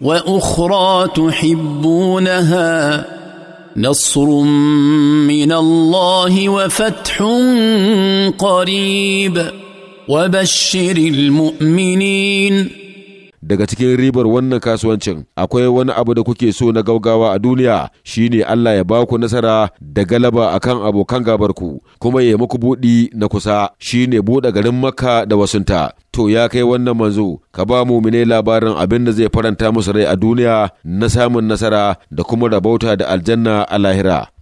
واخرى تحبونها نصر من الله وفتح قريب وبشر المؤمنين daga cikin ribar wannan kasuwancin akwai wani abu da kuke so na gaugawa a duniya shine Allah ya baku nasara da galaba akan abokan gabarku kuma ya muku buɗi na kusa shine buɗe garin Makka da wasunta to ya kai wannan manzo ka ba mu mine labarin abin da zai faranta musu rai a duniya na samun nasara da kuma rabauta da aljanna a lahira